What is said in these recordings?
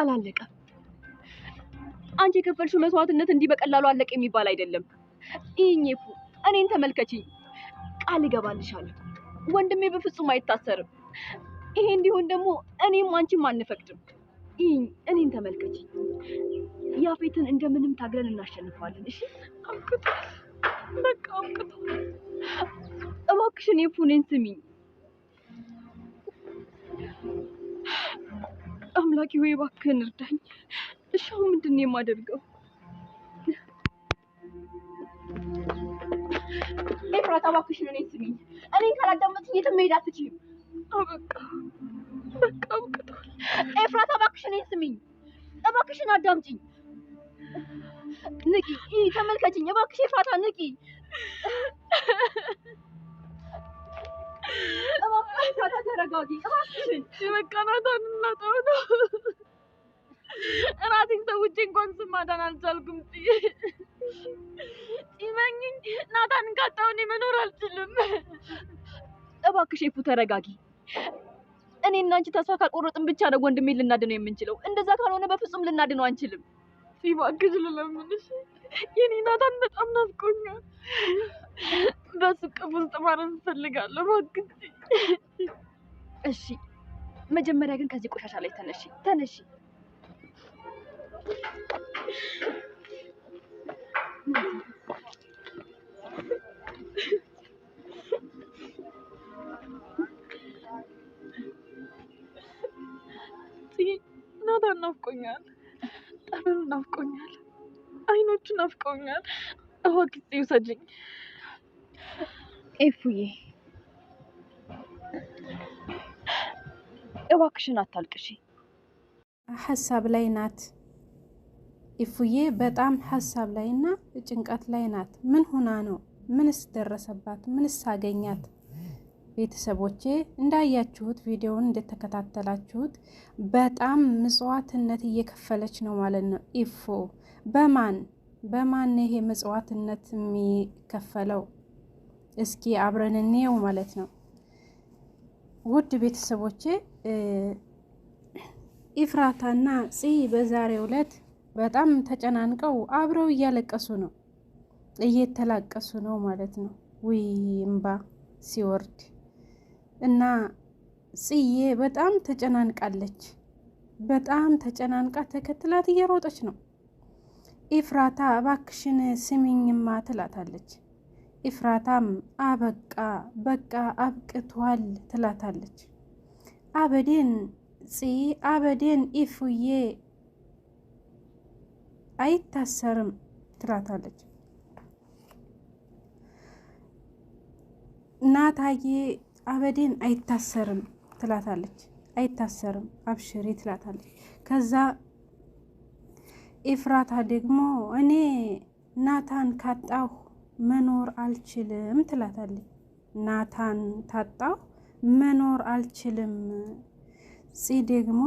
አላለቀም። አንቺ የከፈልሽው መስዋዕትነት እንዲህ በቀላሉ አለቀ የሚባል አይደለም። ፉ እኔን ተመልከችኝ። ቃል እገባልሻለሁ ወንድሜ በፍጹም አይታሰርም። ይሄ እንዲሆን ደግሞ እኔም አንቺም አንፈቅድም። እኔ እኔን ተመልከችኝ። ያፌትን እንደምንም ታግለን እናሸንፈዋለን። እሺ አብቅቷል፣ በቃ አብቅቷል። እባክሽን የፉኔን ስሚኝ። አምላኬ ሆይ እባክህን እርዳኝ። እሺ አሁን ምንድን ነው የማደርገው? ኤፍራታ እባክሽን እኔን ስሚኝ። እኔን ካላዳመጥሽኝ የትም መሄድ አትችይም። በቃ በቃ ኤፍራታ እባክሽን እኔን ስሚኝ፣ እባክሽን አዳምጪኝ። ንቂ፣ ተመልከችኝ እባክሽ ኤፍራታ ንቂ። እባክሽ ኤፍራታ ተረጋጊ፣ እባክሽን በቃ ናታን ስለመጣሁ ነው። እራሴን ሰውቼ እንኳን ስም ማዳን አልቻልኩም። ጥዬ ይመኝኝ ናታን ካጣሁ እኔ መኖር አልችልም። እባክሽ ኤፉ ተረጋጊ። እኔ እና አንቺ ተስፋ ካልቆረጥን ብቻ ነው ወንድሜ ልናድነው የምንችለው። እንደዛ ካልሆነ በፍጹም ልናድነው አንችልም። እባክሽ ልለምንሽ፣ የኔ ናታን በጣም ናፍቆኛል። በሱ ቅፍ ውስጥ ማረፍ እፈልጋለሁ። እባክሽ እሺ መጀመሪያ ግን ከዚህ ቆሻሻ ላይ ተነሺ ተነሺ። ናታን ናፍቆኛል፣ ጠበሉ ናፍቆኛል፣ አይኖቹ ናፍቆኛል። እዋ ጊዜ ኤፉዬ እባክሽን አታልቅሺ ሀሳብ ላይ ናት ኢፉዬ። በጣም ሀሳብ ላይ እና ጭንቀት ላይ ናት። ምን ሆና ነው? ምንስ ደረሰባት? ምንስ አገኛት? ቤተሰቦቼ እንዳያችሁት ቪዲዮውን እንደተከታተላችሁት በጣም ምጽዋትነት እየከፈለች ነው ማለት ነው ኢፉ። በማን በማን ይሄ ምጽዋትነት የሚከፈለው? እስኪ አብረን እንየው ማለት ነው። ውድ ቤተሰቦቼ ኢፍራታና ጽ በዛሬው ዕለት በጣም ተጨናንቀው አብረው እያለቀሱ ነው፣ እየተላቀሱ ነው ማለት ነው። ውይ እምባ ሲወርድ እና ጽዬ በጣም ተጨናንቃለች። በጣም ተጨናንቃ ተከትላት እየሮጠች ነው። ኢፍራታ እባክሽን ስሚኝማ ትላታለች። ኢፍራታም አበቃ በቃ አብቅቷል ትላታለች። አበዴን ጽ አበዴን ኢፉዬ አይታሰርም ትላታለች። ናታዬ አበዴን አይታሰርም ትላታለች። አይታሰርም አብሽሪ ትላታለች። ከዛ ኢፍራታ ደግሞ እኔ ናታን ካጣሁ መኖር አልችልም ትላታለች። ናታን ታጣው መኖር አልችልም። ፂ ደግሞ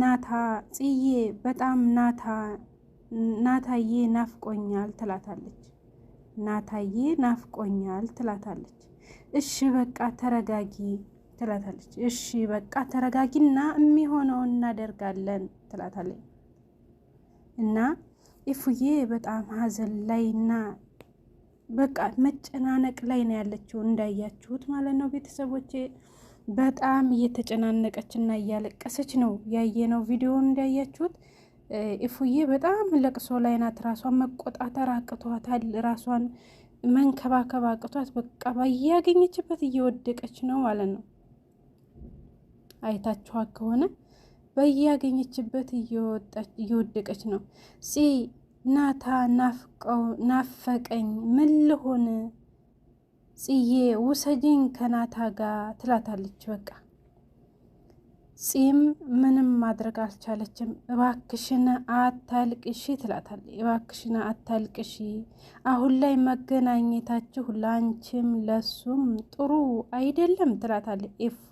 ናታ ጽዬ በጣም ናታ ናታዬ ናፍቆኛል ትላታለች። ናታዬ ናፍቆኛል ትላታለች። እሺ በቃ ተረጋጊ ትላታለች። እሺ በቃ ተረጋጊና የሚሆነውን እናደርጋለን ትላታለች እና ኢፉዬ በጣም ሀዘን ላይ እና በቃ መጨናነቅ ላይ ነው ያለችው እንዳያችሁት ማለት ነው ቤተሰቦቼ በጣም እየተጨናነቀች እና እያለቀሰች ነው ያየነው ቪዲዮን እንዳያችሁት ኢፉዬ በጣም ለቅሶ ላይ ናት ራሷን መቆጣጠር አቅቷታል ራሷን መንከባከብ አቅቷት በቃ ባያገኘችበት እየወደቀች ነው ማለት ነው አይታችኋት ከሆነ በያገኘችበት እየወደቀች ነው። ፂ ናታ ናፈቀኝ፣ ምን ልሆን ጽዬ ውሰጅኝ ከናታ ጋር ትላታለች። በቃ ፂም ምንም ማድረግ አልቻለችም። እባክሽን አታልቅሺ ትላታል። እባክሽን አታልቅሺ፣ አሁን ላይ መገናኘታችሁ ላንቺም ለሱም ጥሩ አይደለም ትላታል። ኢፉ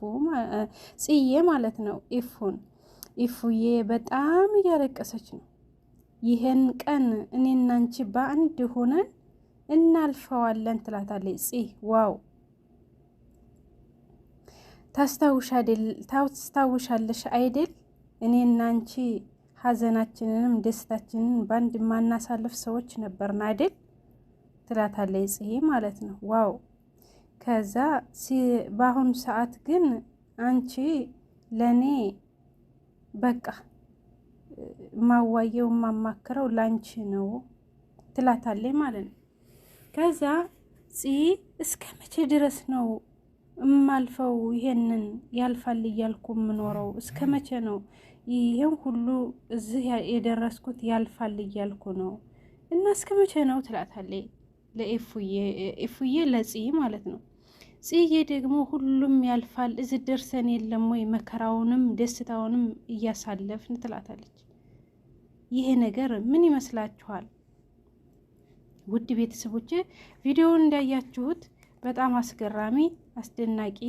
ጽዬ ማለት ነው ኢፉን ኢፉዬ በጣም እያለቀሰች ነው። ይህን ቀን እኔና አንቺ በአንድ ሆነን እናልፈዋለን ትላታለች። ጽ ዋው ታስታውሻለሽ አይደል? እኔና አንቺ ሀዘናችንንም ደስታችንን በአንድ ማናሳልፍ ሰዎች ነበርን አይደል? ትላታለች ጽ ማለት ነው። ዋው ከዛ በአሁኑ ሰዓት ግን አንቺ ለእኔ በቃ ማዋየው ማማክረው ላንቺ ነው ትላታለች ማለት ነው። ከዛ ፂ እስከ መቼ ድረስ ነው እማልፈው ይሄንን ያልፋል እያልኩ የምኖረው እስከ መቼ ነው? ይሄን ሁሉ እዚህ የደረስኩት ያልፋል እያልኩ ነው እና እስከ መቼ ነው ትላታለች ለኤፉዬ ኤፉዬ ለፂ ማለት ነው። ጽዬ ደግሞ ሁሉም ያልፋል እዚ ደርሰን የለም ወይ መከራውንም ደስታውንም እያሳለፍን ትላታለች። ይሄ ነገር ምን ይመስላችኋል? ውድ ቤተሰቦች ቪዲዮውን እንዳያችሁት በጣም አስገራሚ አስደናቂ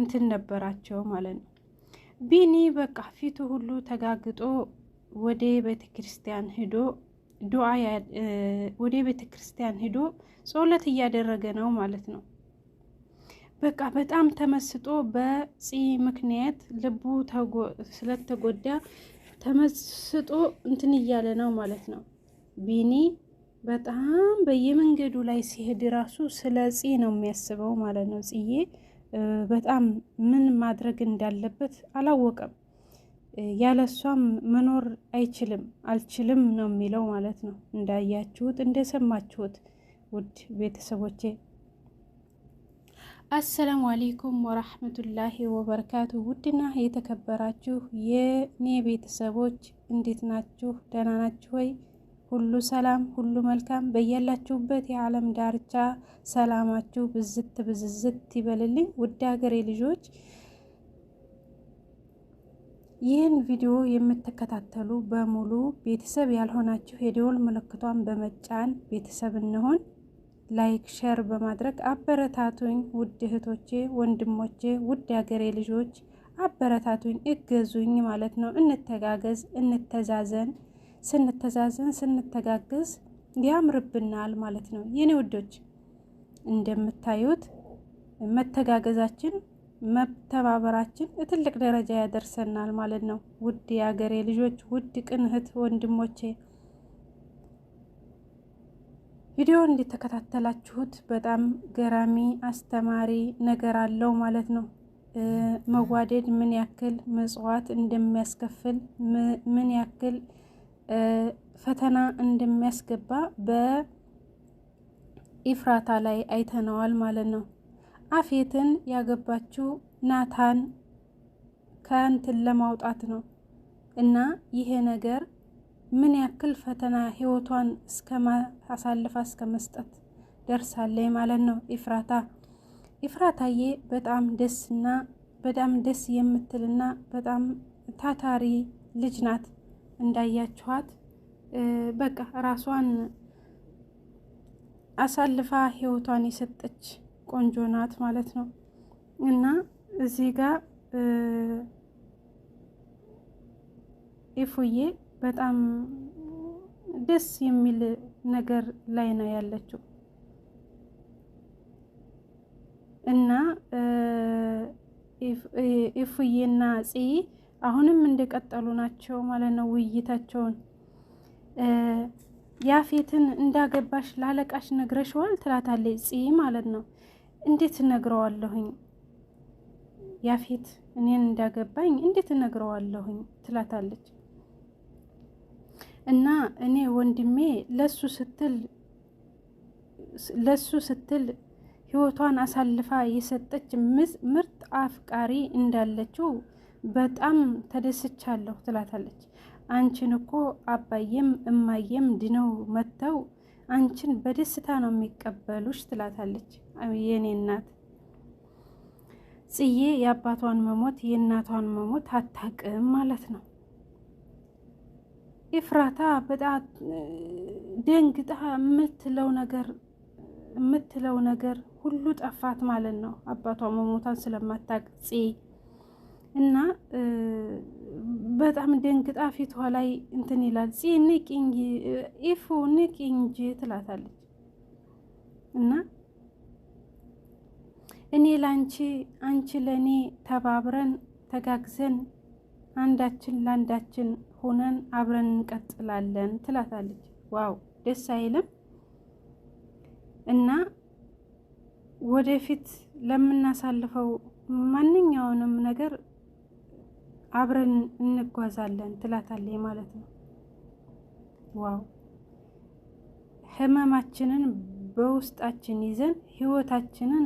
እንትን ነበራቸው ማለት ነው። ቢኒ በቃ ፊቱ ሁሉ ተጋግጦ ወደ ቤተክርስቲያን ሂዶ ዱዓ ወደ ክርስቲያን ሂዶ ጸሎት እያደረገ ነው ማለት ነው። በቃ በጣም ተመስጦ በፂ ምክንያት ልቡ ስለተጎዳ ተመስጦ እንትን እያለ ነው ማለት ነው። ቢኒ በጣም በየመንገዱ ላይ ሲሄድ ራሱ ስለ ፂ ነው የሚያስበው ማለት ነው። ፅዬ በጣም ምን ማድረግ እንዳለበት አላወቀም። ያለሷም መኖር አይችልም አልችልም ነው የሚለው ማለት ነው። እንዳያችሁት እንደሰማችሁት ውድ ቤተሰቦቼ አሰላሙ አሌይኩም ወራህመቱላሂ ወበረካቱ። ውድና የተከበራችሁ የኔ ቤተሰቦች እንዴት ናችሁ? ደህና ናችሁ ወይ? ሁሉ ሰላም፣ ሁሉ መልካም። በያላችሁበት የዓለም ዳርቻ ሰላማችሁ ብዝት ብዝዝት ይበልልኝ። ውድ ሀገሬ ልጆች ይህን ቪዲዮ የምትከታተሉ በሙሉ ቤተሰብ ያልሆናችሁ የደወል ምልክቷን በመጫን ቤተሰብ እንሆን ላይክ፣ ሸር በማድረግ አበረታቱኝ። ውድ እህቶቼ፣ ወንድሞቼ፣ ውድ ሀገሬ ልጆች አበረታቱኝ፣ እገዙኝ ማለት ነው። እንተጋገዝ፣ እንተዛዘን። ስንተዛዘን፣ ስንተጋገዝ ያምርብናል ማለት ነው። የኔ ውዶች እንደምታዩት መተጋገዛችን መተባበራችን ትልቅ ደረጃ ያደርሰናል ማለት ነው። ውድ የአገሬ ልጆች፣ ውድ ቅንህት ወንድሞቼ ቪዲዮ እንደተከታተላችሁት በጣም ገራሚ አስተማሪ ነገር አለው ማለት ነው። መዋደድ ምን ያክል መጽዋት እንደሚያስከፍል ምን ያክል ፈተና እንደሚያስገባ በኢፍራታ ላይ አይተነዋል ማለት ነው። አፌትን ያገባችው ናታን ከእንትን ለማውጣት ነው እና ይሄ ነገር ምን ያክል ፈተና ህይወቷን አሳልፋ እስከ መስጠት ደርሳለች ማለት ነው። ኢፍራታ ኢፍራታዬ በጣም ደስና በጣም ደስ የምትልና በጣም ታታሪ ልጅ ናት። እንዳያችኋት በቃ ራሷን አሳልፋ ህይወቷን የሰጠች ቆንጆ ናት ማለት ነው። እና እዚህ ጋር ኢፉዬ በጣም ደስ የሚል ነገር ላይ ነው ያለችው እና ኢፉዬና ጽ አሁንም እንደቀጠሉ ናቸው ማለት ነው ውይይታቸውን። ያፌትን እንዳገባሽ ላለቃሽ ነግረሽዋል ትላታለች ጽ ማለት ነው። እንዴት እነግረዋለሁኝ ያፌት እኔን እንዳገባኝ እንዴት እነግረዋለሁኝ ትላታለች። እና እኔ ወንድሜ ለሱ ስትል ለሱ ስትል ህይወቷን አሳልፋ የሰጠች ምርጥ አፍቃሪ እንዳለችው በጣም ተደስቻለሁ ትላታለች። አንቺን እኮ አባዬም እማዬም ድነው መጥተው አንቺን በደስታ ነው የሚቀበሉሽ ትላታለች። የኔ እናት ጽዬ የአባቷን መሞት የእናቷን መሞት አታውቅም ማለት ነው። ኤፍራታ በጣም ደንግጣ የምትለው ነገር የምትለው ነገር ሁሉ ጠፋት ማለት ነው። አባቷ መሞቷን ስለማታቅ እና በጣም ደንግጣ ፊቷ ላይ እንትን ይላል። ጽ ንቅኝ ኢፉ ንቅኝ ትላታለች እና እኔ ለአንቺ አንቺ ለእኔ ተባብረን ተጋግዘን አንዳችን ለአንዳችን ሆነን አብረን እንቀጥላለን ትላታለች። ዋው ደስ አይልም? እና ወደፊት ለምናሳልፈው ማንኛውንም ነገር አብረን እንጓዛለን ትላታለች ማለት ነው። ዋው ህመማችንን በውስጣችን ይዘን ህይወታችንን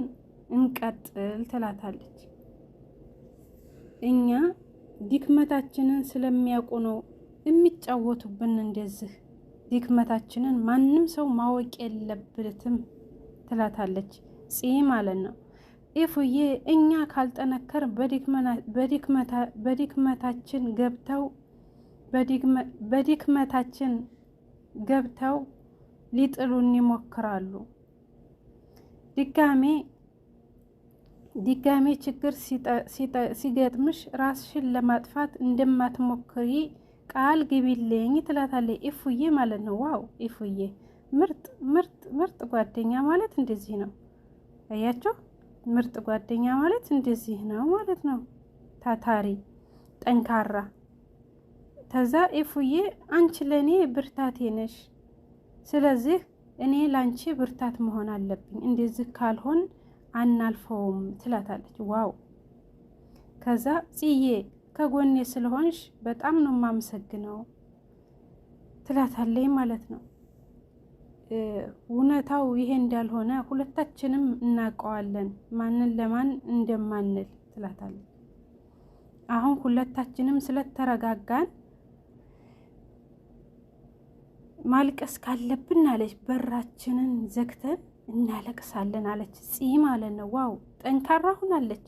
እንቀጥል ትላታለች። እኛ ድክመታችንን ስለሚያውቁ ነው የሚጫወቱብን። እንደዚህ ድክመታችንን ማንም ሰው ማወቅ የለበትም ትላታለች ጽ ማለት ነው። ኤፉዬ እኛ ካልጠነከር በድክመታችን ገብተው በድክመታችን ገብተው ሊጥሉን ይሞክራሉ ድጋሜ ድጋሜ ችግር ሲገጥምሽ ራስሽን ለማጥፋት እንደማትሞክሪ ቃል ግቢልኝ ትላታለች። ኢፉዬ ማለት ነው። ዋው ኢፉዬ ምርጥ ምርጥ ምርጥ ጓደኛ ማለት እንደዚህ ነው። አያቸው ምርጥ ጓደኛ ማለት እንደዚህ ነው ማለት ነው። ታታሪ፣ ጠንካራ። ተዛ ኢፉዬ አንቺ ለእኔ ብርታቴ ነሽ። ስለዚህ እኔ ላንቺ ብርታት መሆን አለብኝ። እንደዚህ ካልሆን አናልፈውም ትላታለች። ዋው ከዛ ጽዬ ከጎኔ ስለሆንሽ በጣም ነው የማመሰግነው ትላታለይ ማለት ነው። እውነታው ይሄ እንዳልሆነ ሁለታችንም እናውቀዋለን ማንን ለማን እንደማንል ትላታለች። አሁን ሁለታችንም ስለተረጋጋን ማልቀስ ካለብን አለች በራችንን ዘግተን እናለቅሳለን አለች ፂ ማለት ነው። ዋው ጠንካራ ሁናለች።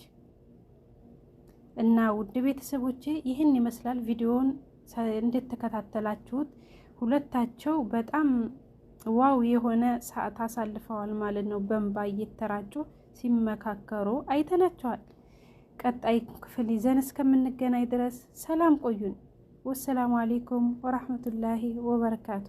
እና ውድ ቤተሰቦቼ ይህን ይመስላል ቪዲዮውን እንደተከታተላችሁት ሁለታቸው በጣም ዋው የሆነ ሰዓት አሳልፈዋል ማለት ነው። በንባ እየተራጩ ሲመካከሩ አይተናቸዋል። ቀጣይ ክፍል ይዘን እስከምንገናኝ ድረስ ሰላም ቆዩን። ወሰላሙ አሌይኩም ወራህመቱላሂ ወበረካቱ።